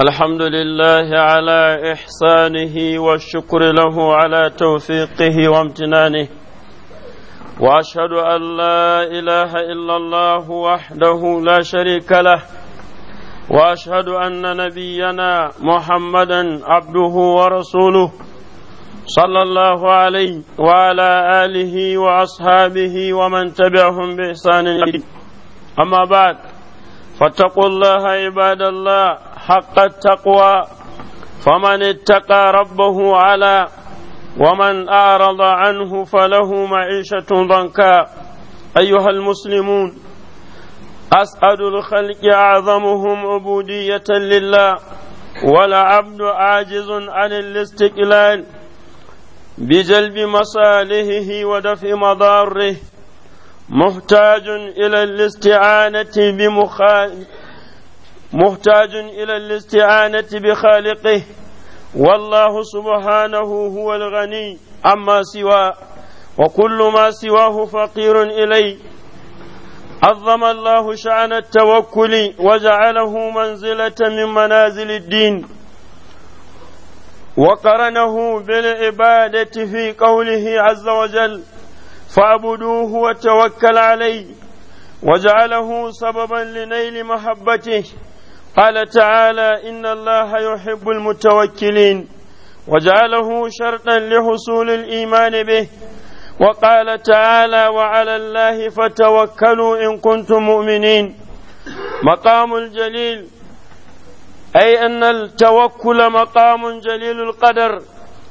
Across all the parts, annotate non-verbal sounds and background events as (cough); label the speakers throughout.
Speaker 1: الحمد لله على إحسانه والشكر له على توفيقه وامتنانه وأشهد أن لا إله إلا الله وحده لا شريك له وأشهد أن نبينا محمدا عبده ورسوله صلى الله عليه وعلى آله وأصحابه ومن تبعهم بإحسان أما بعد فاتقوا الله عباد الله حق التقوى فمن اتقى ربه على ومن أعرض عنه فله معيشة ضنكا أيها المسلمون أسعد الخلق أعظمهم عبودية لله والعبد عاجز عن الاستقلال بجلب مصالحه ودفع مضاره محتاج إلى الاستعانة بمخالفه محتاج إلى الاستعانة بخالقه والله سبحانه هو الغني عما سواه وكل ما سواه فقير إليه عظم الله شأن التوكل وجعله منزلة من منازل الدين وقرنه بالعبادة في قوله عز وجل فاعبدوه وتوكل عليه وجعله سببا لنيل محبته قال تعالى إن الله يحب المتوكلين وجعله شرطا لحصول الإيمان به وقال تعالى وعلى الله فتوكلوا إن كنتم مؤمنين مقام الجليل أي أن التوكل مقام جليل القدر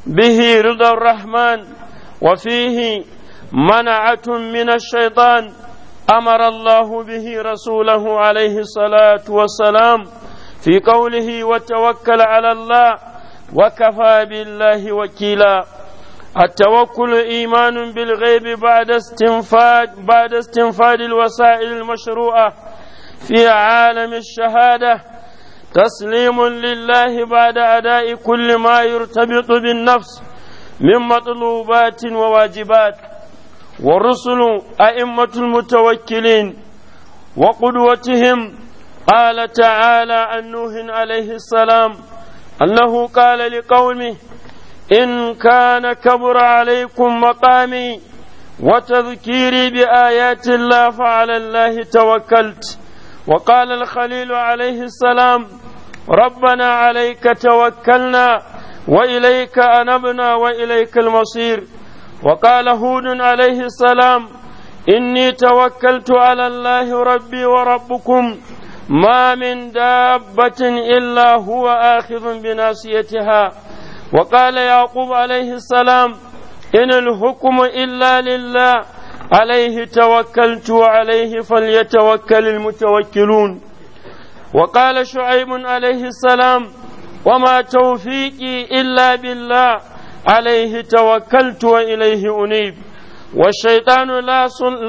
Speaker 1: به رضا الرحمن وفيه منعة من الشيطان امر الله به رسوله عليه الصلاه والسلام في قوله وتوكل على الله وكفى بالله وكيلا التوكل ايمان بالغيب بعد استنفاد بعد استنفاد الوسائل المشروعه في عالم الشهاده تسليم لله بعد اداء كل ما يرتبط بالنفس من مطلوبات وواجبات ورسل أئمة المتوكلين وقدوتهم قال تعالى عن نوح عليه السلام أنه قال لقومه إن كان كبر عليكم مقامي وتذكيري بآيات الله فعلى الله توكلت وقال الخليل عليه السلام ربنا عليك توكلنا وإليك أنبنا وإليك المصير وقال هود عليه السلام إني توكلت على الله ربي وربكم ما من دابة إلا هو آخذ بناصيتها وقال يعقوب عليه السلام إن الحكم إلا لله عليه توكلت وعليه فليتوكل المتوكلون وقال شعيب عليه السلام وما توفيقي إلا بالله عليه توكلت وإليه أنيب والشيطان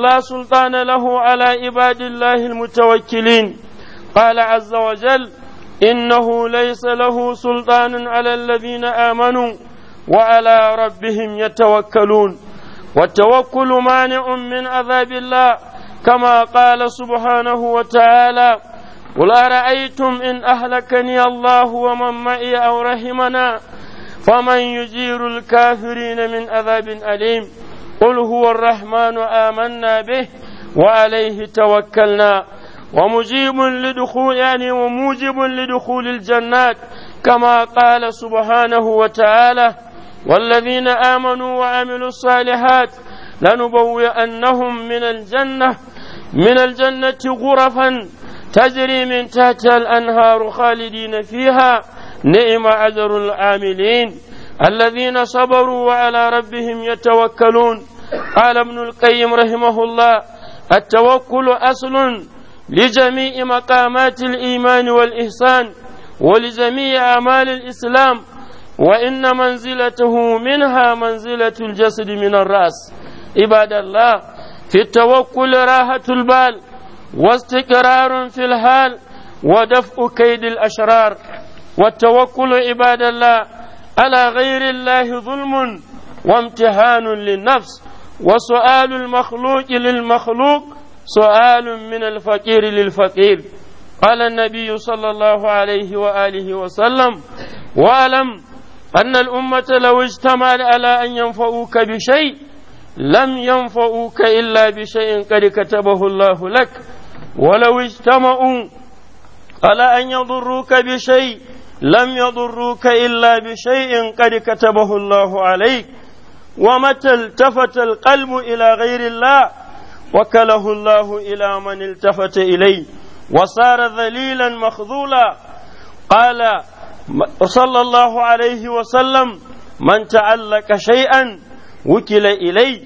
Speaker 1: لا سلطان له على عباد الله المتوكلين قال عز وجل إنه ليس له سلطان على الذين آمنوا وعلى ربهم يتوكلون والتوكل مانع من عذاب الله كما قال سبحانه وتعالى قل أرأيتم إن أهلكني الله ومن معي أو رحمنا فمن يجير الكافرين من عذاب أليم قل هو الرحمن آمنا به وعليه توكلنا ومجيب لدخول يعني وموجب لدخول الجنات كما قال سبحانه وتعالى والذين آمنوا وعملوا الصالحات لنبوئنهم من الجنة من الجنة غرفا تجري من تحتها الأنهار خالدين فيها نعم أجر العاملين الذين صبروا وعلى ربهم يتوكلون قال ابن القيم رحمه الله التوكل أصل لجميع مقامات الإيمان والإحسان ولجميع أعمال الإسلام وإن منزلته منها منزلة الجسد من الرأس عباد الله في التوكل راحة البال واستقرار في الحال ودفء كيد الأشرار والتوكل عباد الله على غير الله ظلم وامتحان للنفس وسؤال المخلوق للمخلوق سؤال من الفقير للفقير قال النبي صلى الله عليه وآله وسلم واعلم أن الأمة لو اجتمعت على أن ينفعوك بشيء لم ينفعوك إلا بشيء قد كتبه الله لك ولو اجتمعوا على أن يضروك بشيء لم يضروك إلا بشيء قد كتبه الله عليك ومتى التفت القلب إلى غير الله وكله الله إلى من التفت إليه وصار ذليلا مخذولا قال صلى الله عليه وسلم من تعلق شيئا وكل إليه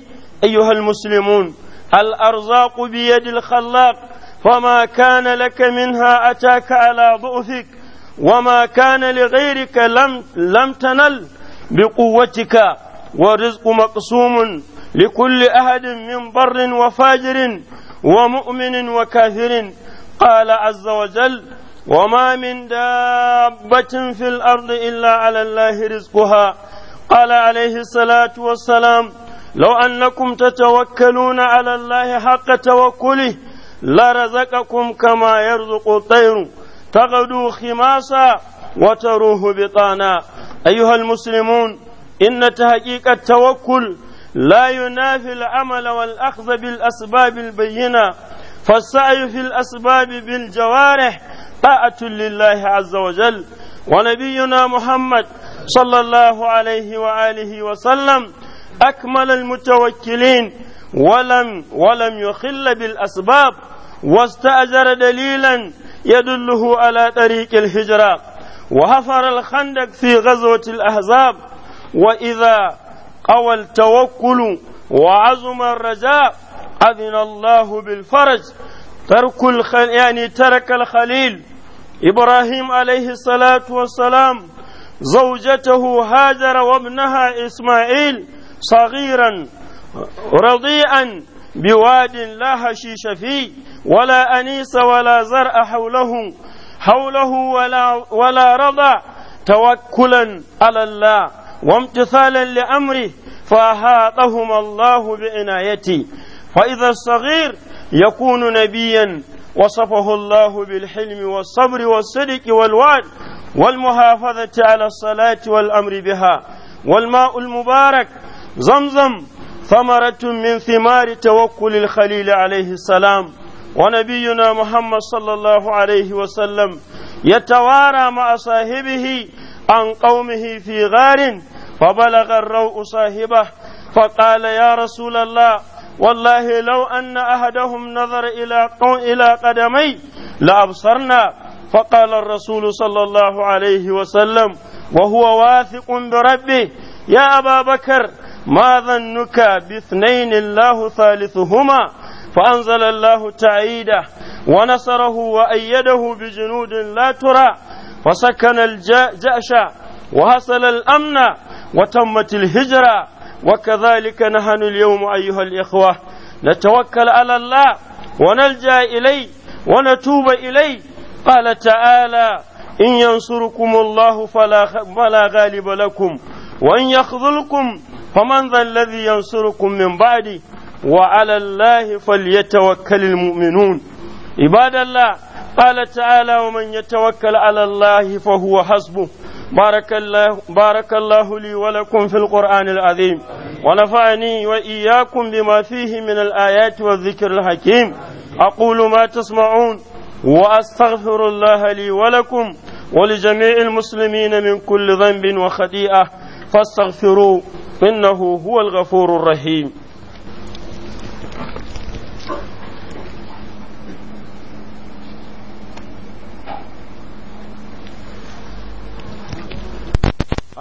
Speaker 1: أيها المسلمون الأرزاق بيد الخلاق فما كان لك منها أتاك على ضعفك وما كان لغيرك لم, لم تنل بقوتك والرزق مقسوم لكل أحد من بر وفاجر ومؤمن وكافر قال عز وجل وما من دابة في الأرض إلا على الله رزقها قال عليه الصلاة والسلام لو أنكم تتوكلون على الله حق توكله لرزقكم كما يرزق الطير تغدو خماسا وتروه بطانا أيها المسلمون إن تحقيق التوكل لا ينافي العمل والأخذ بالأسباب البينة فالسعي في الأسباب بالجوارح طاعة لله عز وجل ونبينا محمد صلى الله عليه وآله وسلم أكمل المتوكلين ولم ولم يخل بالأسباب واستأجر دليلا يدله على طريق الهجرة وحفر الخندق في غزوة الأحزاب وإذا قوى التوكل وعظم الرجاء أذن الله بالفرج ترك الخل... يعني ترك الخليل إبراهيم عليه الصلاة والسلام زوجته هاجر وابنها إسماعيل صغيرا رضيئا بواد لا هشيش فيه ولا أنيس ولا زرع حوله حوله ولا, ولا رضع توكلا على الله وامتثالا لأمره فأحاطهما الله بعنايته فإذا الصغير يكون نبيا وصفه الله بالحلم والصبر والصدق والوعد والمحافظة على الصلاة والأمر بها والماء المبارك زمزم ثمرة من ثمار توكل الخليل عليه السلام ونبينا محمد صلى الله عليه وسلم يتوارى مع صاحبه عن قومه في غار فبلغ الروء صاحبه فقال يا رسول الله والله لو أن أحدهم نظر إلى إلى قدمي لأبصرنا فقال الرسول صلى الله عليه وسلم وهو واثق بربه يا أبا بكر ما ظنك باثنين الله ثالثهما فأنزل الله تأييده ونصره وأيده بجنود لا ترى وسكن الجأش وحصل الأمن وتمت الهجرة وكذلك نحن اليوم أيها الإخوة نتوكل على الله ونلجأ إليه ونتوب إليه قال تعالى إن ينصركم الله فلا, فلا غالب لكم وإن يخذلكم فمن ذا الذي ينصركم من بعده وعلى الله فليتوكل المؤمنون عباد الله قال تعالى ومن يتوكل على الله فهو حسبه بارك الله بارك الله لي ولكم في القرآن العظيم ونفعني وإياكم بما فيه من الآيات والذكر الحكيم أقول ما تسمعون وأستغفر الله لي ولكم ولجميع المسلمين من كل ذنب وخطيئة فاستغفروا إنه هو الغفور الرحيم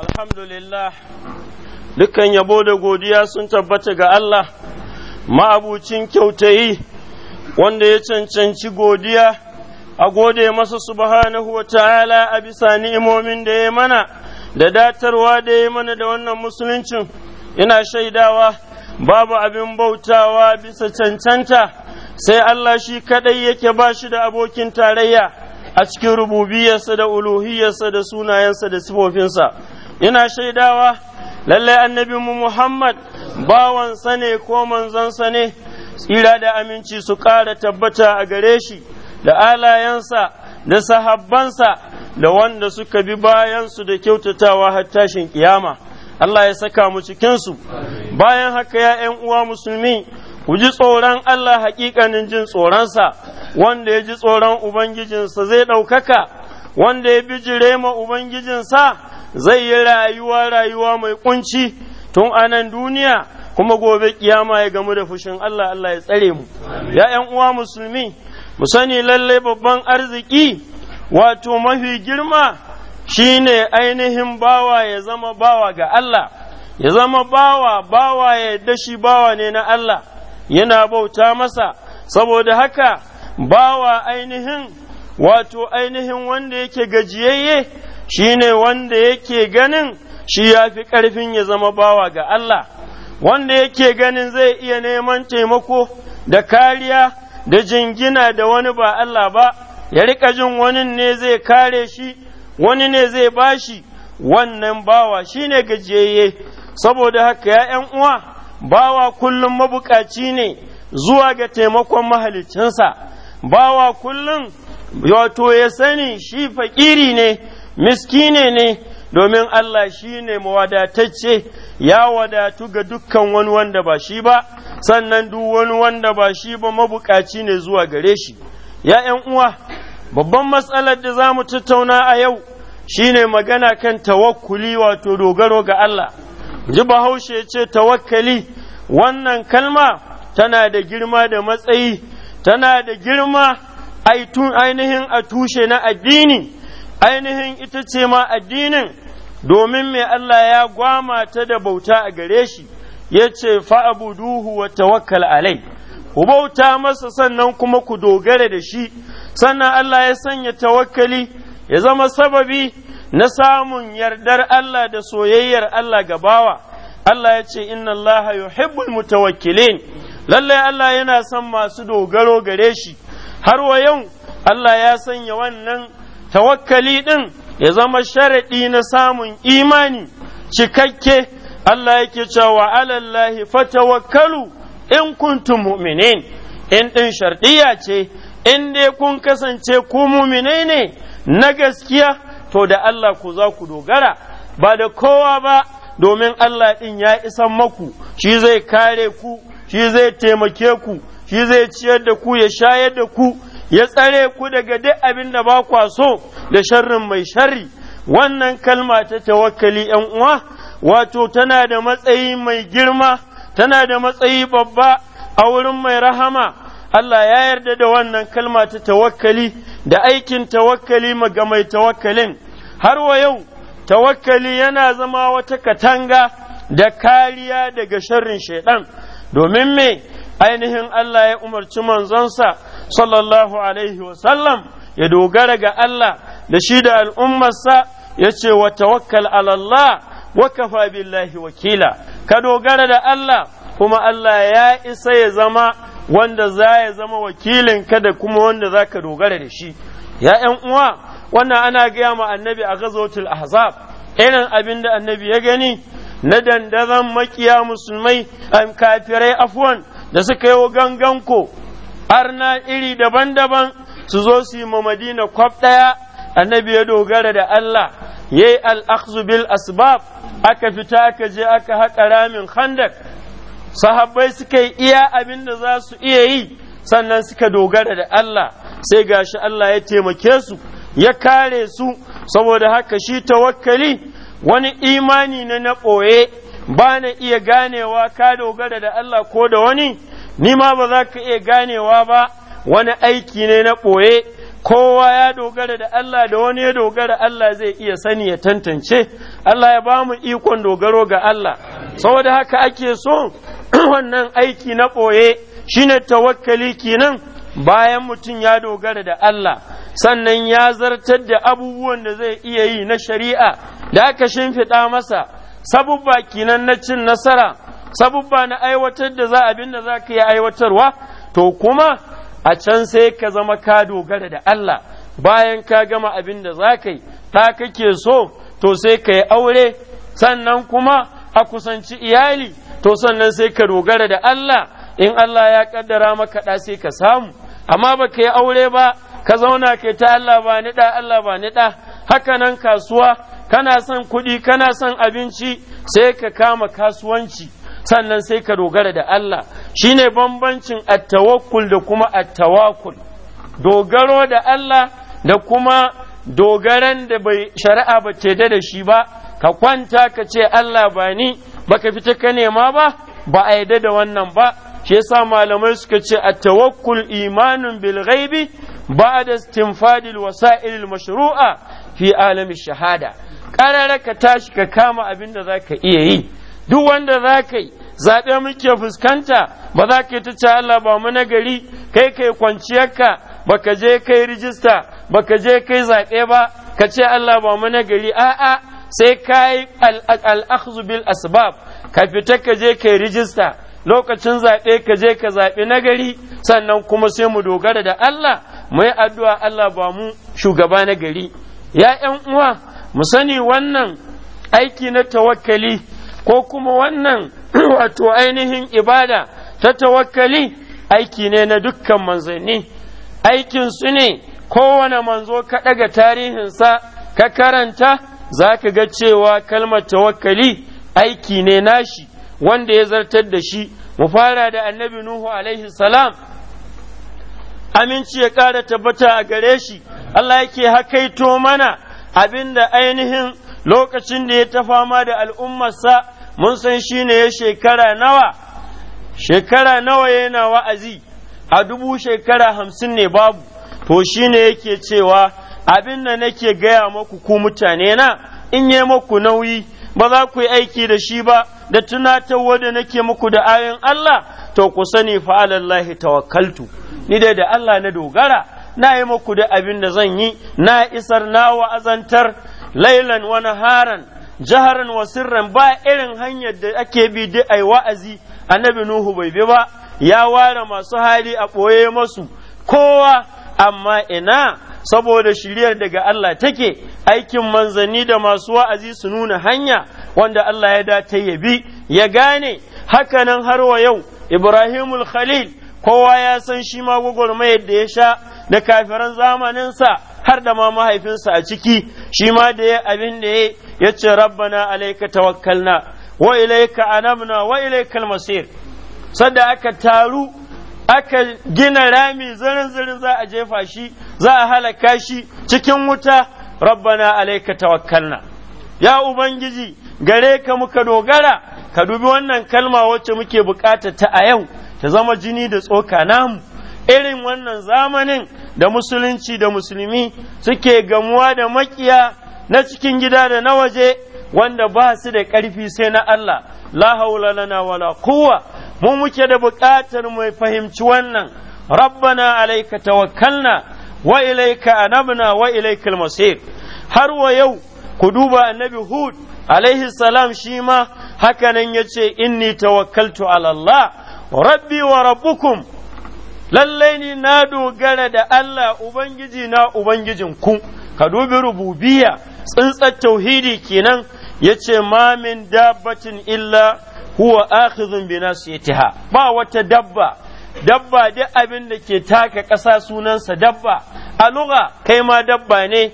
Speaker 1: Alhamdulillah, dukkan yabo da godiya sun tabbata ga Allah, ma'abucin kyautayi wanda ya cancanci godiya a gode masa subhanahu wa ta'ala a bisa ni'imomin da ya mana, da datarwa da ya mana da wannan musuluncin, ina shaidawa babu abin bautawa bisa cancanta, sai Allah shi kaɗai yake ba shi da abokin tarayya. a cikin rububiyarsa da uluhiyarsa da sunayensa da sifofinsa ina shaidawa lallai mu Muhammad bawansa ne ko manzonsa ne tsira da aminci su ƙara tabbata a gare shi da alayensa da sahabbansa da wanda suka bi bayansu da kyautatawa har tashin kiyama Allah ya saka mu cikin su bayan haka ya ‘yan uwa musulmi ku ji tsoron Allah haƙiƙanin jin tsoronsa wanda ya ji tsoron Ubangijinsa zai ɗaukaka wanda ya bijire ma Ubangijinsa zai yi rayuwa rayuwa mai kunci tun anan duniya kuma gobe kiyama ya gamu da fushin Allah Allah ya tsare mu ya uwa musulmi mu sani lallai babban arziki wato mafi girma shine ainihin bawa ya zama bawa ga Allah ya zama bawa bawa ya shi bawa ne na Allah yana bauta masa saboda haka bawa ainihin wato ainihin wanda yake gajiyayye shi ne wanda yake ganin shi ya fi ƙarfin ya zama bawa ga Allah, wanda yake ganin zai iya neman taimako da kariya da jingina da wani ba Allah ba, ya riƙa jin wani ne zai kare shi, wani ne zai ba shi wannan bawa shi ne gajiyayye, saboda haka ya 'yan uwa bawa kullum mabukaci ne zuwa ga taimakon mahalicinsa, bawa kullum wato ya sani shi fakiri ne. miskine ne domin Allah shi ne mawadatacce ya wadatu ga dukkan wani wanda ba shi ba sannan duk wani wanda ba shi ba mabukaci ne zuwa gare shi ya ‘yan uwa babban matsalar da za mu tattauna a yau shi ne magana kan tawakkuli wato dogaro ga Allah ji bahaushe ce tawakkali wannan kalma tana da girma da matsayi tana da girma ainihin a tushe na addini ainihin ita ce ma addinin domin mai Allah ya gwama ta da bauta a gare shi ya ce fa'abuduhu wa tawakkal alai ku bauta masa sannan kuma ku dogara da shi sannan Allah ya sanya tawakkali ya zama sababi na samun yardar Allah da soyayyar Allah ga bawa Allah ya ce inna Allah yuhibbul mutawakkilin lallai Allah yana son masu dogaro gare shi har wa yau Allah ya sanya wannan tawakkali ɗin ya zama sharaɗi na samun imani cikakke Allah yake cewa alallahi fatawakkalu in kuntum mu'minin in ɗin sharɗiya ce in dai kun kasance ku mu'minai ne na gaskiya to da Allah ku za ku dogara ba da kowa ba domin Allah ɗin ya isan maku shi zai kare ku shi zai taimake ku shi zai ciyar da ku ya shayar da ku ya tsare ku daga duk abin da ba kwa so da sharrin mai sharri wannan kalma ta tawakkali ‘yan uwa wato tana da matsayi mai girma tana da matsayi babba a wurin mai rahama Allah ya yarda da wannan kalma ta tawakkali da aikin tawakkali ga mai tawakkalin har wa yau tawakkali yana zama wata katanga da kariya daga sharrin shaidan domin me ainihin Allah ya umarci manzonsa sallallahu alaihi wasallam ya dogara ga Allah da shi da al'ummarsa ya ce wa tawakkal alallah wa kafa billahi wakila ka dogara da Allah kuma Allah ya isa ya zama wanda za ya zama wakilin ka da kuma wanda za ka dogara da shi ya ‘yan uwa wannan ana gaya ma annabi a gazotul ahzab irin abin da annabi ya gani na dandazon makiya musulmai kafirai afwan da suka yi ko arna iri daban-daban su zo su yi ma madina kwaf ɗaya annabi ya dogara da Allah ya yi al'akzu bil asbab aka fita aka je aka haƙa ramin handak sahabbai suka yi iya abin da za su iya yi sannan suka dogara da Allah sai gashi Allah ya taimake su ya kare su saboda haka shi tawakkali wani imani na na ɓoye ba iya ganewa ka dogara da Allah ko da wani ni ma ba za ka iya ganewa ba wani aiki ne na ɓoye kowa ya dogara da Allah da wani ya dogara Allah zai iya sani ya tantance Allah ya ba mu ikon dogaro ga Allah saboda haka ake so (clears throat) wannan aiki na ɓoye shine tawakkali kenan bayan mutum ya dogara da Allah sannan ya zartar da abubuwan da zai iya yi na shari'a da aka shimfiɗa masa sabubba kinan na cin nasara sabubba na aiwatar da za abin da za ka yi aiwatarwa to kuma a can sai ka zama ka dogara da Allah bayan ka gama abin da za ka yi ta kake so to sai ka yi aure sannan kuma a kusanci iyali to sannan sai ka dogara da Allah in Allah ya kaddara maka da sai ka samu amma baka yi aure ba ka zauna kai ta Allah ba ni da Allah ba ni da haka nan kasuwa kana son kuɗi kana son abinci sai ka kama kasuwanci sannan sai ka dogara da Allah shine bambancin attawakkul da kuma attawakul dogaro da Allah da kuma dogaran da bai shari'a ba ce da shi ba ka kwanta ka ce Allah ba ni baka fita ka nema ba ba a yarda da wannan ba shi yasa malamai suka ce attawakkul imanun bil ghaibi ba'da istinfadil wasa'il mashru'a fi alamin shahada ƙarara ka tashi ka kama abin da za ka iya yi duk wanda za ka yi zaɓe muke fuskanta ba za ka yi ta ce Allah ba mu nagari kai kai kwanciyarka ba ka je kai rijista ba ka je kai zaɓe ba ka ce Allah ba mu nagari a'a sai ka yi al'akhzu bil asbab ka fita ka je kai rijista lokacin zaɓe ka je ka zaɓi nagari sannan kuma sai mu dogara da Allah mu yi addu'a Allah ba mu shugaba nagari ya ‘yan uwa mu sani wannan aiki na tawakkali ko kuma wannan (clears throat) wato ainihin ibada ta tawakkali aiki ne na dukkan manzanni aikin su ne kowane manzo ka ɗaga tarihinsa ka karanta za ka ga cewa kalmar tawakkali aiki ne nashi wanda ya zartar da shi mu fara da annabi nuhu alaihi salam aminci ya ƙara tabbata a gare shi Allah yake hakaito mana abinda ainihin lokacin da ya ta fama da al'ummarsa mun san shi ne ya shekara nawa shekara nawa yana wa'azi a dubu shekara hamsin ne babu to shi ne yake cewa abin da nake gaya maku ku mutane na in yi maku nauyi ba za ku yi aiki da shi ba da tunatar wadda nake muku da ayin Allah to ku sani fa ta tawakkaltu ni dai da Allah na dogara na yi muku da abin da zan yi na isar na wa'azantar lailan wa naharan jaharan wa sirran ba irin hanyar da ake bi dai ai wa'azi annabi nuhu bai bi ba ya ware masu hali a ɓoye masu kowa amma ina saboda shiriyar daga Allah take aikin manzanni da masu wa'azi su nuna hanya wanda Allah ya da ya bi ya gane hakanan har wa yau Ibrahimul Khalil kowa ya san shi ma gwagwarmayar da ya sha da kafiran zamaninsa har da ma mahaifinsa a ciki shi ma da ya abin da ya ya ce rabbana alaika tawakkalna wa ilaika anamna wa ilaikal masir sadda aka taru aka gina rami zirin zirin za a jefa shi za a halaka shi cikin wuta rabbana alaika tawakkalna ya ubangiji gare ka muka dogara ka dubi wannan kalma wacce muke bukata ta a yau ta zama jini da tsoka namu irin wannan zamanin da musulunci da musulmi suke gamuwa da makiya na cikin gida da na waje wanda ba su da ƙarfi sai na Allah la haula lana wala quwwa mu muke da buƙatar mu fahimci wannan rabbana alayka tawakkalna wa ilayka anabna wa ilaykal masir har wa yau ku duba annabi hud alaihi salam shi ma haka nan yace inni tawakkaltu ala Allah rabbi wa rabbukum lallai ni na dogara da Allah ubangiji na ubangijin ku ka dubi rububiya tsintsar tauhidi kenan yace ma min dabbatin illa huwa akhidhun bi nasiyatiha ba wata dabba dabba duk abin da ke taka ƙasa sunansa dabba a lugha kai ma dabba ne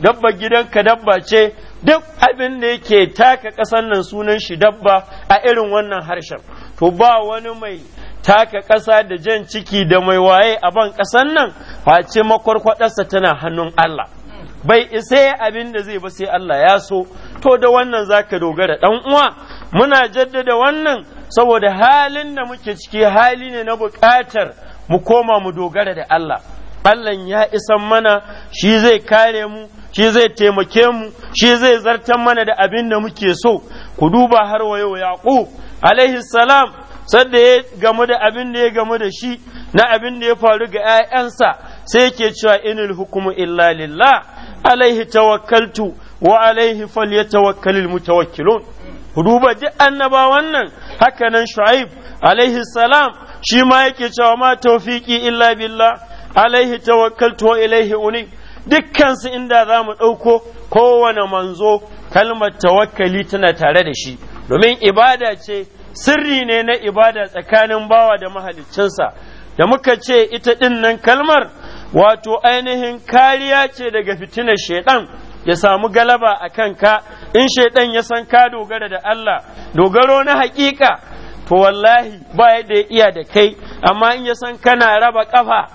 Speaker 1: dabba gidanka dabba ce duk abin da yake taka ƙasan nan sunan shi dabba a irin wannan harshen to ba wani mai taka ƙasa da jan ciki da mai waye a ban ƙasan nan face makwarkwadarsa tana hannun Allah bai isa ya abin da zai ba sai Allah ya so to da wannan zaka dogara dan uwa muna jaddada wannan saboda halin da muke ciki hali ne na buƙatar mu koma mu dogara da Allah Allah ya isan mana shi zai kare mu shi zai taimake mu shi zai zartan mana da abin da muke so ku duba har wa yau yaqub alaihi salam sanda ya gamu da abin da ya gamu da shi na abin da ya faru ga 'ya'yansa sai yake cewa inil hukumu illa lillah alaihi tawakkaltu wa alaihi falyatawakkalil mutawakkilun duba duk annabawan nan haka nan shu'aib alaihi salam shi ma yake cewa ma tawfiqi illa billah alaihi tawakkaltu wa ilaihi dukkan dukkansu inda zamu mu ɗauko kowane manzo kalmar tawakkali tana tare da shi domin ibada ce sirri ne na ibada tsakanin bawa da mahaliccinsa da muka ce ita ɗin nan kalmar wato ainihin kariya ce daga fitinar shaiɗan ya samu galaba a ka in shaiɗan ya san ka dogara da Allah dogaro na haƙiƙa to wallahi ba yadda ya iya da kai amma in ya san kana raba kafa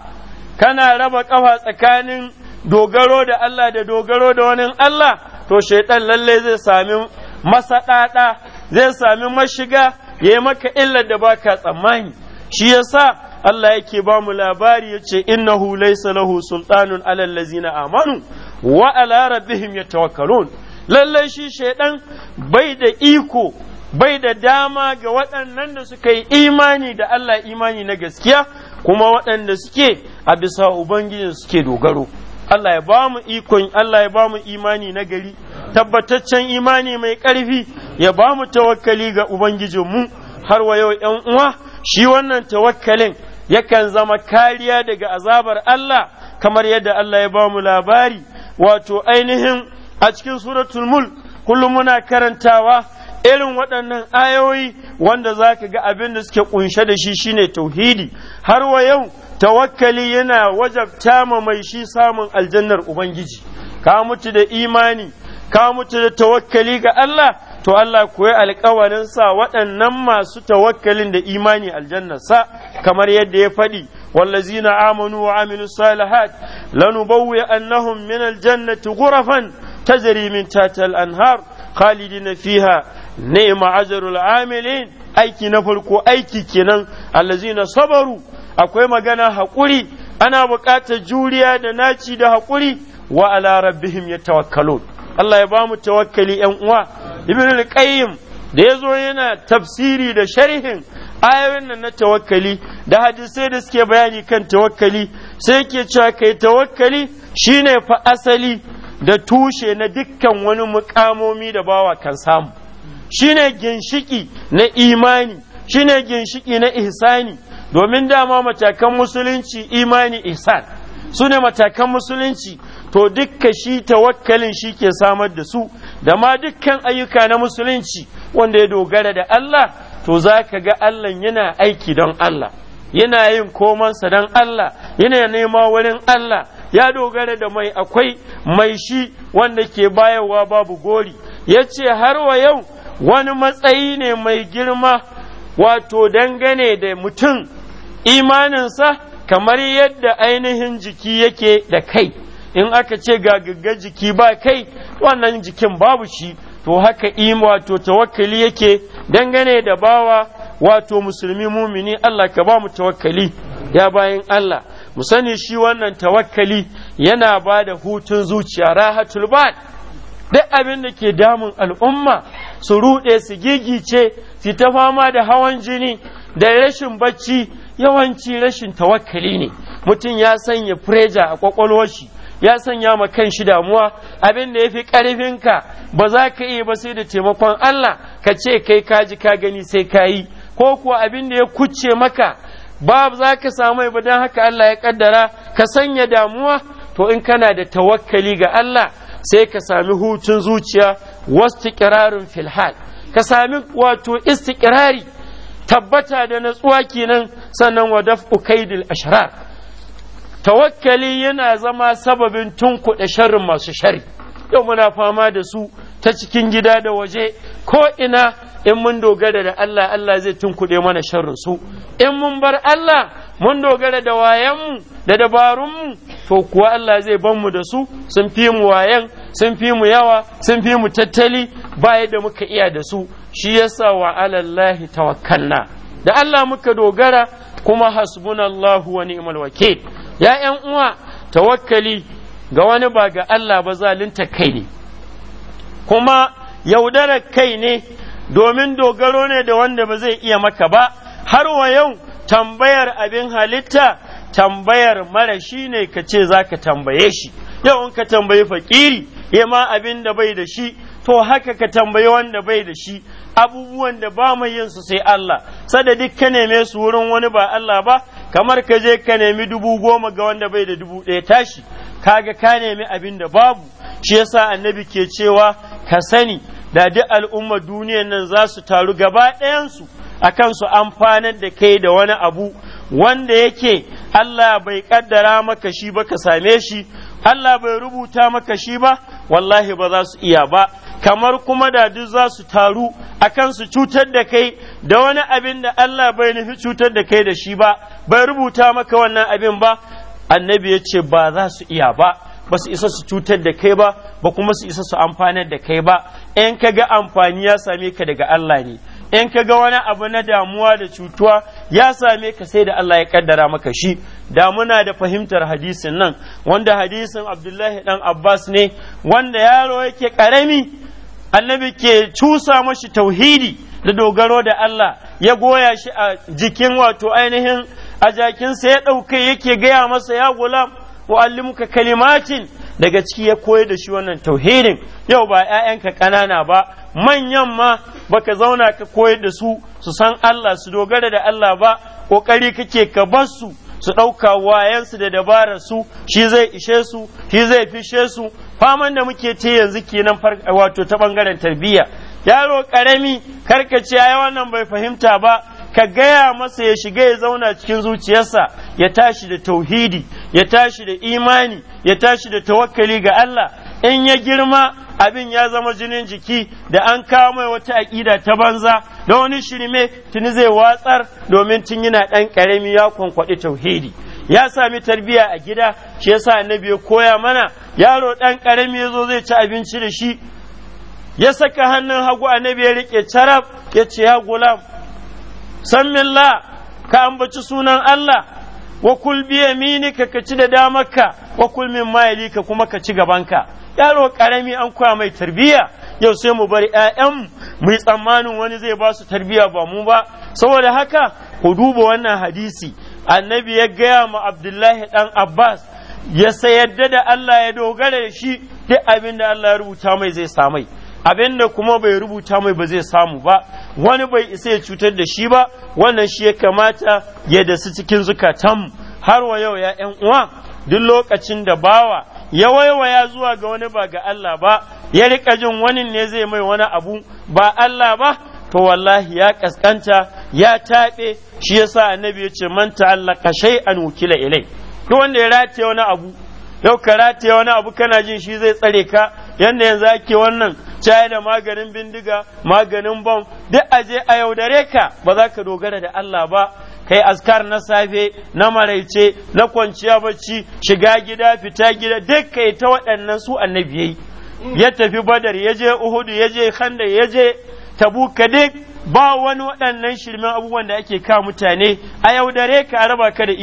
Speaker 1: kana raba ƙafa tsakanin dogaro da Allah da dogaro da wani Allah to shaiɗan lalle zai sami masaɗaɗa zai sami mashiga ya yi maka illar da baka tsammani shi yasa Allah yake ba mu labari ya ce innahu hulai lahu sultanun alal na amanu wa ala rabbihim yatawakkalun lallai shi shaidan bai da iko bai da dama ga waɗannan da suka yi imani da Allah imani na gaskiya kuma waɗanda suke a bisa ubangijin suke dogaro Allah ya ba mu ikon Allah ya ba mu imani na gari tabbataccen imani mai ƙarfi ya ba mu tawakkali ga ubangijinmu har wa yau ‘yan uwa shi wannan tawakkalin yakan zama kariya daga azabar Allah kamar yadda Allah ya ba mu labari wato ainihin a cikin suratul mul kullum muna karantawa irin waɗannan ayoyi wanda za ga abin da suke ƙunshe da shi shine tauhidi har wa yau tawakkali yana wajabta ma mai shi samun aljannar ubangiji ka mutu da imani ka mutu da tawakkali ga Allah to Allah koyi alkawarin sa waɗannan masu tawakkalin da imani aljannarsa kamar yadda ya faɗi wallazina amanu wa amilus salihat lanubawwi annahun min aljannati gurafan Ta min tatal al-anhar khalidina fiha ni'ma ajrul amilin aiki na farko aiki kenan allazina sabaru akwai magana haƙuri ana buƙatar juriya da naci da haƙuri wa ala rabbihim yatawakkalun Allah ya ba mu tawakkali yan uwa ibn al-qayyim da yazo yana tafsiri da sharhin ayoyin nan na tawakkali da hadisai da suke bayani kan tawakkali sai yake cewa kai tawakkali shine fa asali da tushe na dukkan wani mukamomi da bawa kan samu shine ginshiki na imani shine ginshiki na ihsani domin dama matakan musulunci imani ihsan su ne matakan musulunci to dukka shi tawakkalin shi ke samar da su da ma dukkan ayyuka na musulunci wanda ya dogara da Allah to za ka ga Allah yana aiki don Allah yana yin komansa don Allah yana nema wurin Allah ya dogara da mai akwai mai shi wanda ke bayarwa babu gori ya ce har wa yau wani matsayi ne mai girma wato dangane da mutum imaninsa kamar yadda ainihin jiki yake da kai in aka ce ga gagga jiki ba kai wannan jikin babu shi to haka im wato tawakkali yake dangane da bawa wato musulmi mumini Allah ka ba mu tawakkali ya bayan Allah mu sani shi wannan tawakkali yana ba da hutun zuciya rahatul bad duk abin da ke damun al'umma su ruɗe su gigice su ta fama da hawan jini da rashin bacci yawanci rashin tawakkali ne mutum ya sanya fureja a kwakwalwar shi ya sanya ma kan shi damuwa abin da ya fi ka ba za ka iya ba sai da taimakon Allah ka ce kai ka ji ka gani sai ka yi ko kuwa abin da ya kuce maka babu za ka samu ba don haka Allah ya kaddara ka sanya damuwa to in kana da tawakkali ga Allah sai ka sami hutun zuciya wasu kirarin filhal ka sami wato istiƙirari tabbata da natsuwa kenan sannan wa daf'u kaidil ashrar tawakkali yana zama sababin tunkuɗe sharrin masu shari yau muna fama da su ta cikin gida da waje ko ina in mun dogara da Allah Allah zai tunkuɗe mana sharrin su in mun bar Allah mun dogara da wayanmu da dabarunmu to kuwa Allah zai ban mu da su sun fi mu wayan sun fi mu yawa sun fi mu tattali ba yadda muka iya da su shi yasa wa alallahi tawakkalna da Allah muka dogara kuma hasbunallahu wa ni'mal wakil ya ƴan uwa tawakkali ga wani ba ga Allah ba zalunta kai ne kuma yaudarar kai ne domin dogaro ne da wanda ba zai iya maka ba har wa yau tambayar abin halitta tambayar mara shi ne ka ce za ka tambaye shi yau in ka tambayi fakiri ma abin da bai da shi to haka ka tambayi wanda bai da shi abubuwan da ba mai yin su sai Allah sada duk ka neme su wurin wani ba Allah ba kamar ka je ka nemi dubu goma ga wanda bai da dubu ɗaya tashi kaga ka nemi abin da babu shi yasa annabi ke cewa ka sani da duk al'ummar duniyan nan za su taru gaba ɗayansu a su amfanar da kai da wani abu wanda yake Allah bai kaddara maka shi ba ka same shi Allah bai rubuta maka shi ba wallahi ba za su iya ba kamar kuma da duk za su taru akan su cutar da kai da wani abin da Allah bai nufi cutar da kai da shi ba bai rubuta maka wannan abin ba annabi ya ce ba za su iya ba ba su isa su cutar da kai ba ba kuma su isa su amfanar da kai ba in ka ga amfani ya same ka daga Allah ne in ka ga wani abu na damuwa da cutuwa ya same ka sai da Allah ya kaddara maka shi da muna da fahimtar hadisin nan wanda hadisin Abdullahi dan Abbas ne wanda yaro yake karami annabi ke cusa mashi tauhidi da dogaro da Allah ya goya shi a jikin wato ainihin a jakinsa ya ɗauke yake gaya masa ya gulam wa'allimuka kalimatin daga ciki ya koyar da shi wannan tauhidin yau ba 'ya'yanka ƙanana ba manyan ma baka zauna ka koyar da su su san Allah su dogara da Allah ba ƙoƙari kake ka bar su su ɗauka wayansu da dabarar su shi zai ishe su shi zai fishe su faman da muke ta yanzu kenan wato ta ɓangaren tarbiyya yaro ƙarami karkace ya wannan bai fahimta ba ka gaya masa ya shiga ya zauna cikin zuciyarsa ya tashi da tauhidi ya tashi da imani ya tashi da tawakkali ga Allah in ya girma abin ya zama jinin jiki da an kawo mai wata aƙida ta banza da wani shirme tuni zai watsar domin tun yana ɗan ƙarami ya kwankwaɗi tauhidi ya sami tarbiya a gida shi yasa annabi ya koya mana yaro ɗan ƙarami ya zo zai ci abinci da shi ya saka hannun hagu annabi ya riƙe carab ya ce ya gulam san ka ambaci sunan Allah wa kul bi yaminika ka ci da damarka wa kul min ka kuma ka ci gaban ka. yaro karami an koya mai tarbiyya yau sai mu bar ƴaƴan mu yi tsammanin wani zai ba su tarbiyya ba mu ba saboda haka ku duba wannan hadisi annabi ya gaya ma abdullahi dan abbas ya sayar da Allah ya dogara da shi duk abin da Allah ya rubuta mai zai samai abin da kuma bai rubuta mai ba zai samu ba wani bai isa ya cutar da shi ba wannan shi ya kamata ya dasu cikin zukatanmu har wa yau ya ‘yan uwa duk lokacin da bawa ya waiwaya zuwa ga wani ba ga Allah ba ya rika jin wani ne zai mai wani abu ba Allah ba to wallahi ya kaskanta ya taɓe shi yasa annabi ya ce man ta'allaka shay'an wukila ilai duk wanda ya rataye wani abu yau ka rataye wani abu kana jin shi zai tsare ka yanda yanzu ake wannan ta da maganin bindiga maganin bom duk aje a yaudare ka ba za ka dogara da Allah ba kai askar na safe na maraice na kwanciya bacci shiga gida fita gida duk kai ta waɗannan su annabiyai ya tafi badar ya je uhudu ya je khanda ya je tabuka duk ba wani waɗannan shirmen abubuwan da ake ka mutane a yaudare ka a raba ka da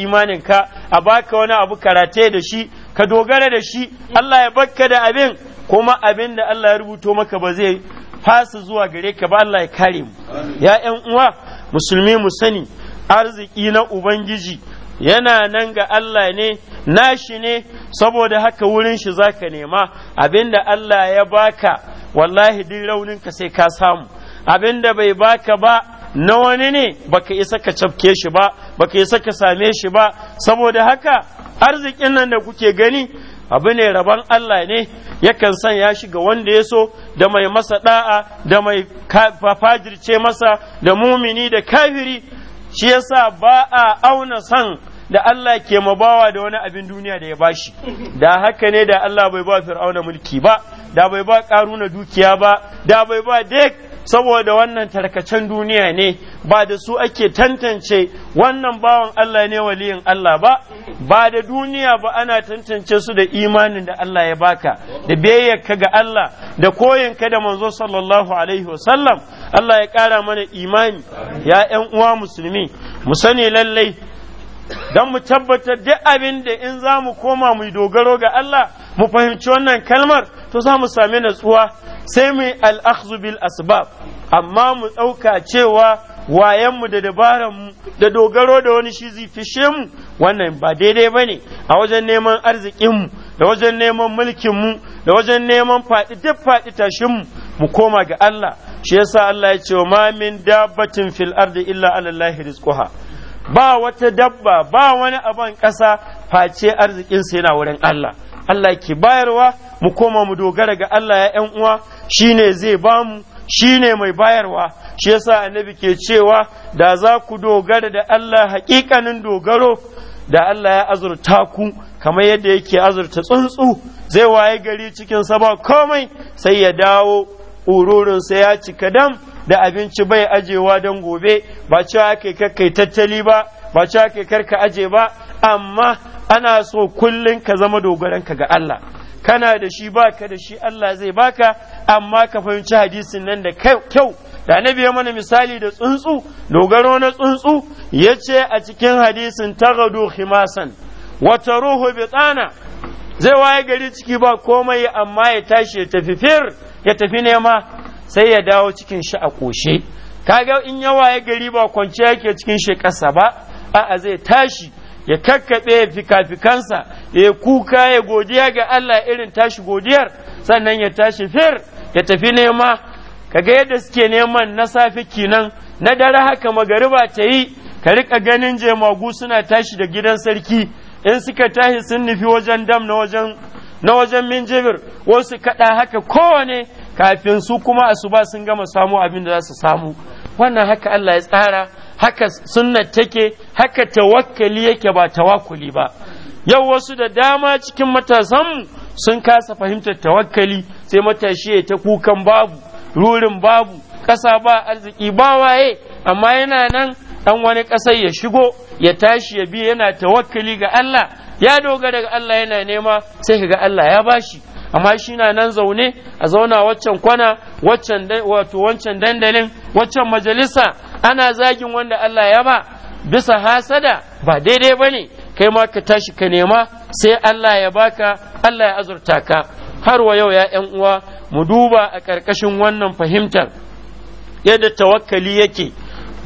Speaker 1: ka a baka wani abu karate da shi ka dogara da shi Allah ya bakka da abin kuma abin da Allah ya rubuto maka ba zai fasa zuwa gare ka ba Allah ya kare mu ya ƴan uwa musulmi mu sani arziki na ubangiji yana nan ga Allah ne nashi ne saboda haka wurin shi zaka nema abin da Allah ya baka wallahi duk raunin ka sai ka samu Abin da bai baka ba na wani ne baka isa ka cafke shi ba baka isa ka same shi ba saboda haka arzikin nan da kuke gani abu ne rabon Allah ne yakan san ya shiga wanda ya so da mai masa da'a da mai fafajirce masa da mumini da kafiri shi yasa ba a auna san da Allah ke mabawa da wani abin duniya da ya ba shi. da haka ne da Allah bai ba fir'auna mulki ba da bai ba karuna dukiya ba da bai ba dek. saboda wannan tarkacen duniya ne ba da su ake tantance wannan bawan Allah ne waliyin Allah ba ba da duniya ba ana tantance su da imanin da Allah ya baka da biyayyarka ga Allah da koyinka da manzo sallallahu alaihi wasallam Allah ya kara mana imani ya ƴan uwa musulmi mu sani lallai don mu tabbatar duk abin da in za mu koma mu dogaro ga Allah mu fahimci wannan kalmar to za mu same natsuwa sai mu al'akhzu bil asbab amma mu ɗauka cewa mu da mu da dogaro da wani shi zai fishe mu wannan ba daidai bane a wajen neman arzikinmu da wajen neman mu da wajen neman faɗi duk faɗi tashinmu mu koma ga Allah shi yasa Allah ya ce ma min dabbatin fil ardi illa ala Allah rizquha ba wata dabba ba wani abin ƙasa face arzikinsa yana wurin Allah Allah ke bayarwa mu koma mu dogara ga Allah ya ‘yan uwa shine zai bamu shine mai bayarwa shi yasa annabi ke cewa da za ku dogara da Allah hakikanin dogaro da Allah ya azurta ku kamar yadda yake azurta tsuntsu zai waye gari cikin ba komai sai ya dawo ururinsa ya cika dam da abinci bai ajewa don gobe ba cewa kai tattali ba ba cewa ake karka aje ba amma ana so kullum ka zama dogaranka ga Allah kana da shi baka da shi Allah zai baka amma ka fahimci hadisin nan da kyau da nabi ya mana misali da tsuntsu dogaro na tsuntsu ya ce a cikin hadisin tagadu himasan wata ruhu bitana zai waye gari ciki ba komai amma ya tashi ya tafi fir ya tafi nema sai ya dawo cikin shi a koshe kaga in ya waye gari ba kwanciya yake cikin shi ƙasa ba a'a zai tashi ya kakkaɓe fikafikansa ya kuka ya godiya ga Allah irin tashi godiyar sannan ya tashi fir ya tafi nema kaga yadda suke neman na safe kinan na dare haka magariba ta yi ka rika ganin jemagu suna tashi da gidan sarki in suka tashi sun nufi wajen dam na wajen na wajen minjibir wasu kaɗa haka kowane kafin su kuma asuba sun gama samu abin da za su samu wannan haka Allah ya tsara haka sunna take haka tawakkali yake ba tawakuli ba yau wasu da dama cikin matasanmu sun kasa fahimtar tawakkali sai matashi ya ta kukan babu rurin babu ƙasa ba arziki ba waye amma yana nan ɗan wani ƙasar ya shigo ya tashi ya bi yana tawakkali ga Allah ya dogara ga Allah yana nema sai Allah ya bashi amma shi na nan zaune a zauna waccan kwana waccan wato wancan dandalin waccan majalisa ana zagin wanda Allah ya ba bisa hasada ba daidai bane kai ma ka tashi ka nema sai Allah ya baka Allah ya azurta ka har wa yau ya ‘yan uwa mu duba a ƙarƙashin wannan fahimtar yadda tawakkali yake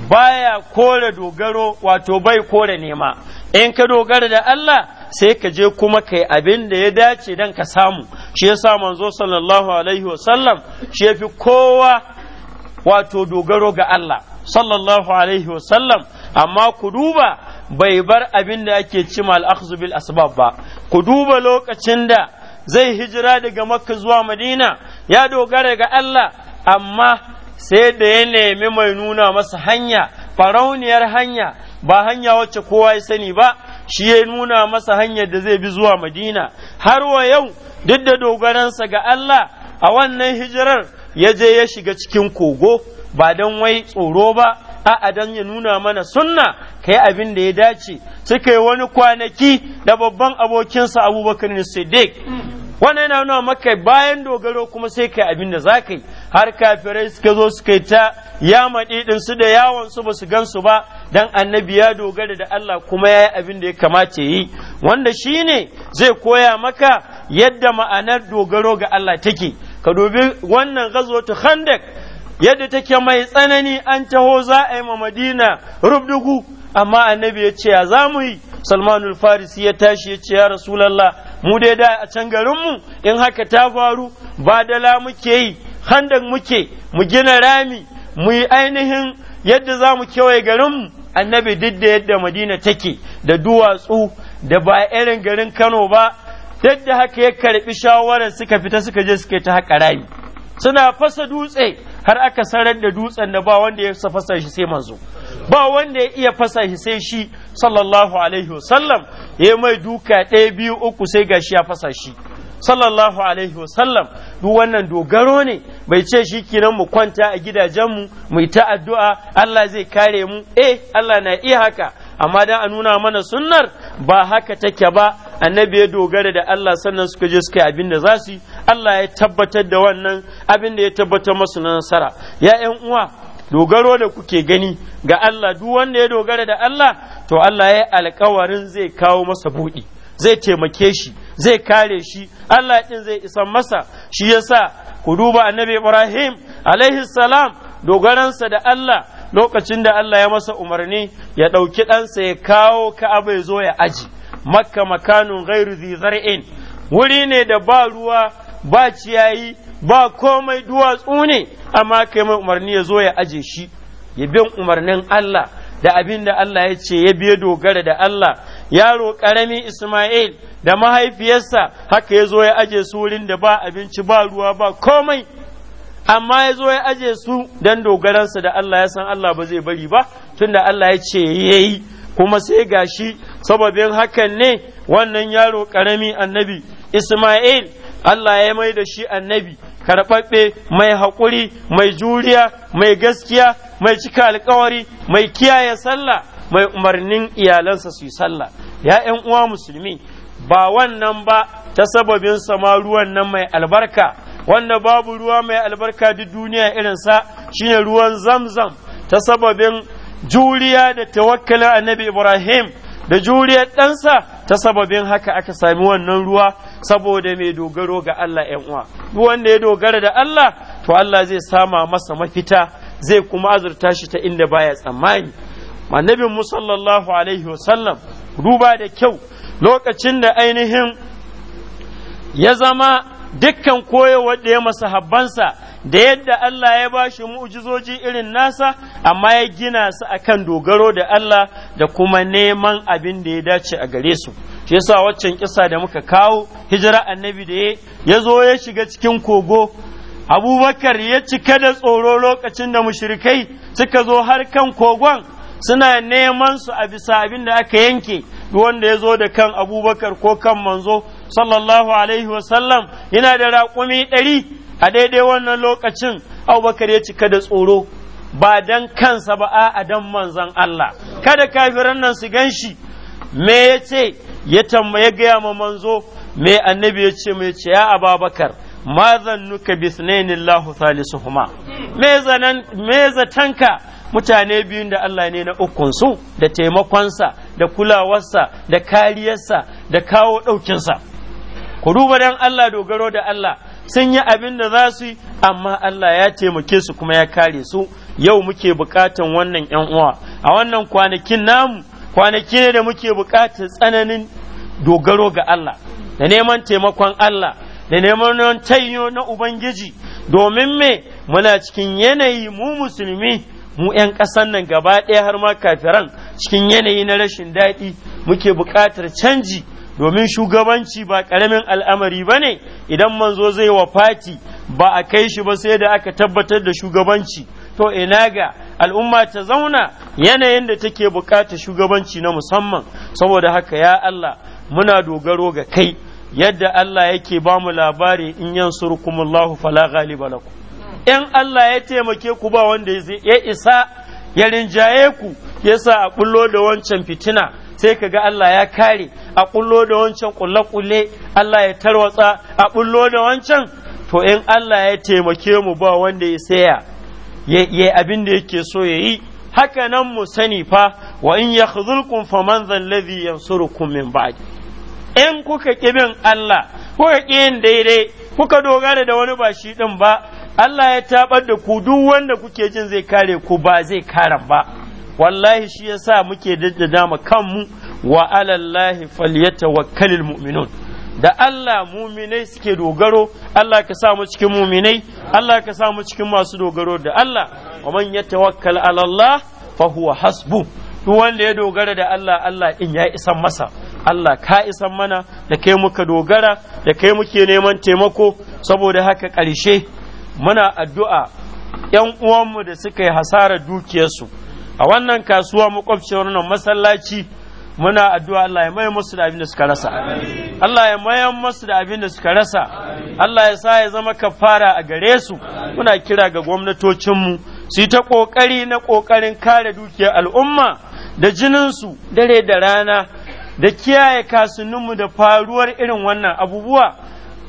Speaker 1: baya kore dogaro wato bai kore nema in ka dogara da Allah sai ka je kuma kai abin da ya dace dan ka samu shi yasa manzo sallallahu alaihi wasallam shi yafi kowa wato dogaro ga Allah sallallahu alaihi wasallam amma ku duba bai bar abin da ake cima al'akhzu bil asbab ba ku duba lokacin da zai hijira daga makka zuwa madina ya dogara ga Allah amma sai da ya nemi mai nuna masa hanya farauniyar hanya ba hanya wacce kowa ya sani ba shi ya nuna masa hanyar da zai bi zuwa madina har wa yau duk da dogaransa ga Allah a wannan hijirar ya je ya shiga cikin kogo ba don wai tsoro ba a'a don ya nuna mana sunna Kai yi abin da ya dace suka yi wani kwanaki da babban abokinsa abubakar siddiq wannan yana nuna maka bayan dogaro kuma sai kai abin da za ka yi har kafirai suka zo suka yi ta yama ɗin su da yawon su ba su gan su ba dan annabi ya dogara da Allah kuma ya yi abin da ya kamata yi wanda shi ne zai koya maka yadda ma'anar dogaro ga Allah take ka dubi wannan ghazwatu khandak yadda take mai tsanani an taho za a yi ma madina rubdugu amma annabi ya ce ya za mu yi salmanul farisi ya tashi ya ce ya rasulallah mu dai da a can garinmu in haka ta faru ba dala muke yi handan muke mu gina rami mu yi ainihin yadda za mu kewaye garinmu annabi duk da yadda madina take da duwatsu da ba irin garin kano ba duk da haka ya karbi shawarar suka fita suka je suka ta haka rami suna fasa dutse har aka sarar da dutsen da ba wanda ya fasa shi sai manzo ba wanda ya iya fasa shi sai shi sallallahu alaihi wasallam ya mai duka ɗaya biyu uku sai ga shi ya fasa shi sallallahu alaihi wasallam duk wannan dogaro ne bai ce shi kinan mu kwanta a gidajenmu mu ta addu'a Allah zai kare mu eh Allah na iya haka amma dan a nuna mana sunnar ba haka take ba annabi ya dogara da Allah sannan suka je suka yi abin da za su yi Allah ya tabbatar da wannan abin da ya tabbatar masu nasara ya ƴan uwa dogaro da kuke gani ga Allah duk wanda ya dogara da Allah to Allah ya alkawarin zai kawo masa buɗi zai taimake shi zai kare shi Allah din zai isa masa shi yasa ku duba annabi Ibrahim alaihi salam dogaransa da Allah lokacin da Allah ya masa umarni ya ɗauki ɗansa ya kawo ka'aba ya zo ya aji makka makanun ghairu zar'in wuri ne da ba ruwa ba ciyayi ba komai duwatsu ne amma kai mai umarni ya zo ya aje shi ya bin umarnin Allah da abin da Allah ya ce ya biye dogara da Allah yaro ƙarami Ismail da mahaifiyarsa haka ya zo ya aje su wurin da ba abinci ba ruwa ba komai amma ya zo ya aje su don dogaransa da Allah ya san Allah ba zai bari ba tunda Allah ya ce yayi kuma sai gashi sababin hakan ne wannan yaro ƙarami annabi Ismail Allah ya mai da shi annabi karɓaɓɓe mai haƙuri mai juriya mai gaskiya mai cika alƙawari, mai kiyaye sallah mai umarnin iyalansa su yi sallah ya ‘yan uwa musulmi ba wannan ba ta sababin sama ruwan nan mai albarka wanda babu ruwa mai albarka duk duniya irinsa shine ruwan zamzam ta sababin juriya da tawakkalin annabi ibrahim da juriyar ɗansa ta sababin haka aka sami wannan ruwa saboda mai dogaro ga Allah ‘yan uwa. Duk wanda ya dogara da Allah, to Allah zai sama masa mafita zai kuma azurta shi ta inda baya tsammani. Annabin mu sallallahu alaihi wasallam duba da kyau lokacin da ainihin ya zama dukkan koyo da ya masa habbansa da yadda Allah ya ba shi mu'jizoji irin nasa amma ya gina su akan dogaro da Allah da kuma neman abin da ya dace a gare su shi yasa waccan kisa da muka kawo hijira annabi da ya zo ya shiga cikin kogo abubakar ya cika da tsoro lokacin da mushrikai suka zo har kan kogon suna neman su a bisa abin da aka yanke wanda ya zo da kan abubakar ko kan manzo sallallahu alaihi wasallam yana da raƙumi ɗari a daidai wannan lokacin abubakar ya cika da tsoro ba dan kansa ba a dan manzan Allah kada kafiran nan su ganshi, me ya ce ya tambaye gaya ma manzo me annabi ya ce mai ce ya ababakar ma zannuka bisnaini Allahu salisuhuma me zanan me zatanka mutane biyun da Allah ne na ukunsu da taimakonsa da kulawarsa da kariyarsa da kawo ɗaukinsa ku duba dan Allah dogaro da Allah sun yi abin da za su yi amma Allah ya taimake su kuma ya kare su yau muke bukatan wannan yan uwa a wannan kwanakin namu kwanaki ne da muke bukatar tsananin dogaro ga Allah da neman taimakon Allah da neman tayyo na Ubangiji domin me muna cikin yanayi mu musulmi mu 'yan ƙasan nan gaba ɗaya har ma kafiran cikin yanayi na rashin daɗi muke bukatar canji domin shugabanci ba karamin al'amari ba ne idan manzo zai wa fati ba a kai shi ba sai da aka tabbatar da shugabanci to ina ga al'umma ta zauna yanayin da take bukata shugabanci na musamman saboda haka ya Allah muna dogaro ga kai yadda Allah yake ba mu labari in yansurkumullahu fala ghaliba lakum in Allah ya taimake ku ba wanda ya isa ya rinjaye ku yasa a kullo da wancan fitina sai ka ga Allah ya kare a kullo da wancan kulle kulle Allah ya tarwatsa a kullo da wancan to in Allah ya taimake mu ba wanda ya saya ya abin da yake so ya yi haka nan mu sani fa wa in fa man zal ladhi yansurukum min ba'd in kuka kibin Allah kuka kiyin daidai kuka dogara da wani ba shi din ba Allah ya tabar da ku duk wanda kuke jin zai kare ku ba zai karan ba wallahi shi yasa muke daddada mu kanmu wa alallahi falyatawakkalul mu'minun da Allah muminai suke dogaro Allah ka samu cikin muminai Allah ka samu cikin masu dogaro da Allah wa man yatawakkal ala Allah fa huwa hasbu duk wanda ya dogara da Allah Allah in ya isan masa Allah ka isan mana da kai muka dogara da kai muke neman taimako saboda haka ƙarshe muna addu'a ‘yan uwanmu da suka yi hasarar dukiyarsu a wannan kasuwa makwabci wannan masallaci muna addu'a Allah ya maye musu da abin da suka rasa Allah ya maye musu da abin da suka rasa Allah ya sa ya zama kafara a gare su muna kira ga gwamnatocinmu su yi ta ƙoƙari na ƙoƙarin kare dukiyar al'umma da jininsu dare da rana da kiyaye kasuninmu da faruwar irin wannan abubuwa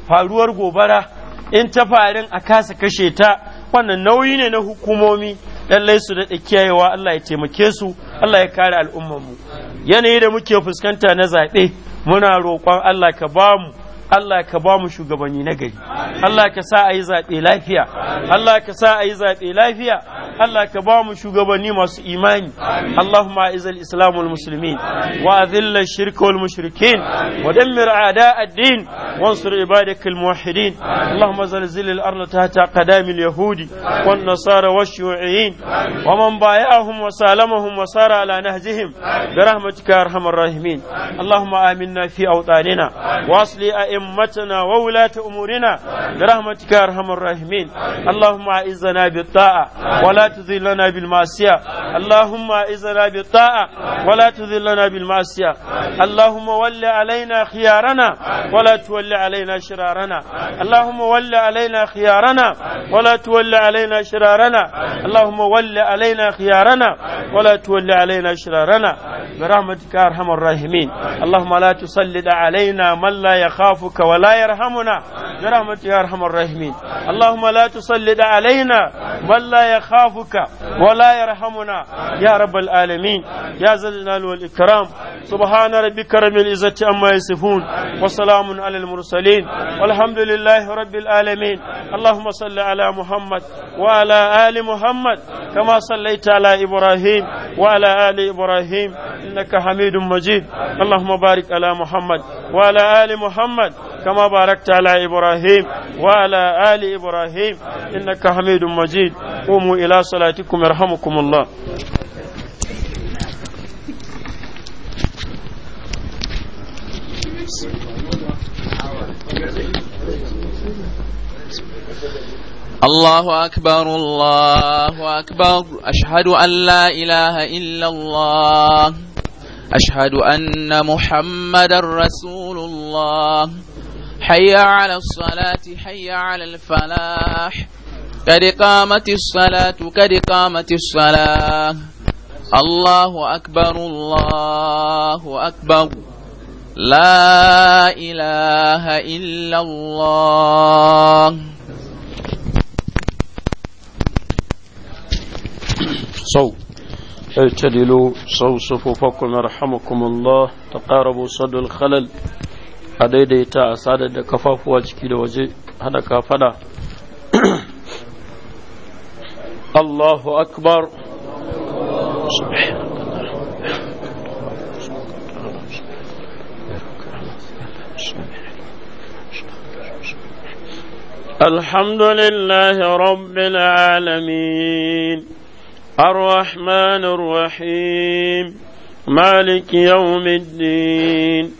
Speaker 1: faruwar gobara in ta farin a kasa kashe ta wannan nauyi ne na hukumomi lallai su daɗe kiyayewa Allah ya taimake su Allah ya kare al'ummar al'ummarmu yanayi da muke fuskanta na zaɓe muna roƙon Allah ka ba mu Allah ka ba mu shugabanni na gari Allah ka sa a yi zaɓe lafiya Allah ka sa a yi zaɓe lafiya Allah ka ba mu shugabanni masu imani Allahumma izal islam wal muslimin wa azilla shirka wal mushrikin wa dammir a'da ad-din wansur ibadak al muwahhidin Allahumma zalzil al arda tahta qadam yahudi wan nasara wa shu'in wa man bay'ahum wa salamahum wa sara ala nahjihim bi rahmatika arhamar rahimin Allahumma aminna fi awtanina wa asli أئمتنا وولاة أمورنا برحمتك يا أرحم الراحمين اللهم أعزنا بالطاعة ولا تذلنا بالمعصية اللهم اعزنا بالطاعة ولا تذلنا بالمعصية اللهم ول علينا خيارنا ولا تول علينا شرارنا اللهم ول علينا خيارنا ولا تول علينا شرارنا اللهم ول علينا خيارنا ولا تول علينا شرارنا برحمتك ارحم الراحمين اللهم لا تسلط علينا من لا يخافك ولا يرحمنا برحمتك يا ارحم الراحمين اللهم لا تسلط علينا من لا يخافك ولا يرحمنا لنا يا رب العالمين يا ذا الجلال والإكرام سبحان ربك رب العزة عما يصفون وسلام على المرسلين والحمد لله رب العالمين اللهم صل على محمد وعلى آل محمد كما صليت على إبراهيم وعلى آل إبراهيم إنك حميد مجيد اللهم بارك على محمد وعلى آل محمد كما باركت على إبراهيم وعلى آل إبراهيم إنك حميد مجيد قوموا إلى صلاتكم يرحمكم الله الله أكبر الله أكبر أشهد أن لا إله إلا الله أشهد أن محمد رسول الله حي على الصلاة حي على الفلاح قد قامت الصلاة قد قامت الصلاة الله أكبر الله أكبر لا إله إلا الله صو اعتدلوا صو صفوفكم يرحمكم الله تقاربوا صد الخلل a daidaita a sadar da kafafuwa ciki da waje hana kafada Allahu akbar الحمد لله رب العالمين الرحمن الرحيم مالك يوم الدين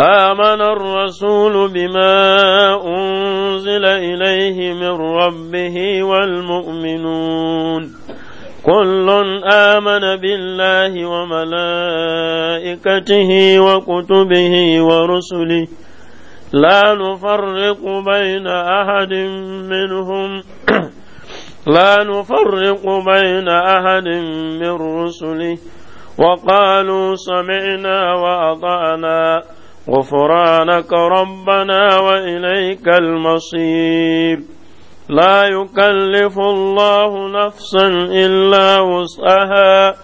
Speaker 1: آمن الرسول بما أنزل إليه من ربه والمؤمنون كل آمن بالله وملائكته وكتبه ورسله لا نفرق بين أحد منهم لا نفرق بين أحد من رسله وقالوا سمعنا وأطعنا غفرانك ربنا وإليك المصير لا يكلف الله نفسا إلا وسعها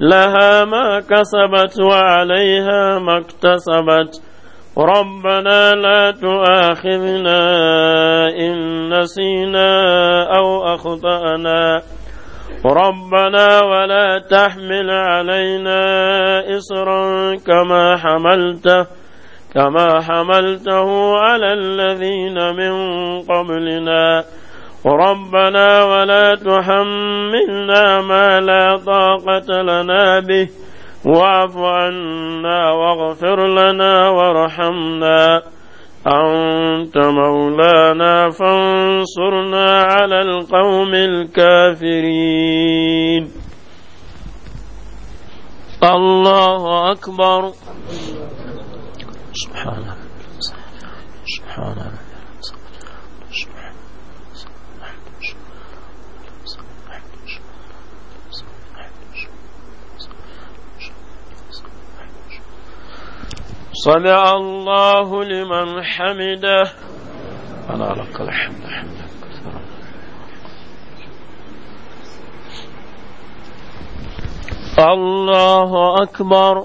Speaker 1: لها ما كسبت وعليها ما اكتسبت ربنا لا تؤاخذنا إن نسينا أو أخطأنا ربنا ولا تحمل علينا إصرا كما حملته كما حملته على الذين من قبلنا ربنا ولا تحملنا ما لا طاقة لنا به واعف عنا واغفر لنا وارحمنا أنت مولانا فانصرنا على القوم الكافرين الله أكبر صلى الله لمن حمده أنا لك الحمد
Speaker 2: حمدا كثيرا
Speaker 1: الله أكبر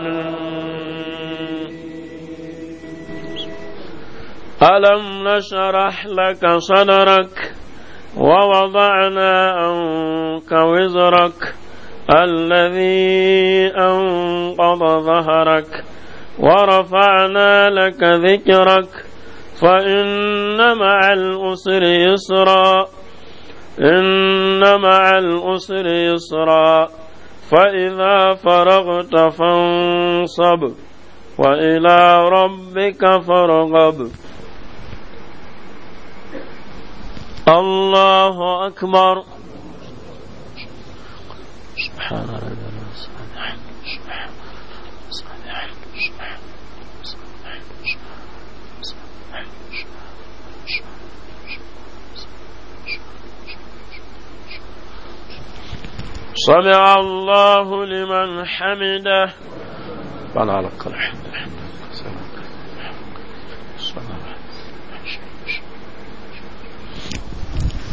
Speaker 1: ألم نشرح لك صدرك ووضعنا عنك وزرك الذي أنقض ظهرك ورفعنا لك ذكرك فإن مع الأسر يسرا إن مع الأسر يسرا فإذا فرغت فانصب وإلى ربك فارغب الله أكبر سبحان ربنا سبحان
Speaker 2: سبحان سبحان
Speaker 1: سبحان الله لمن حمده ربنا لك الحمد الحمد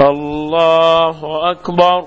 Speaker 1: الله أكبر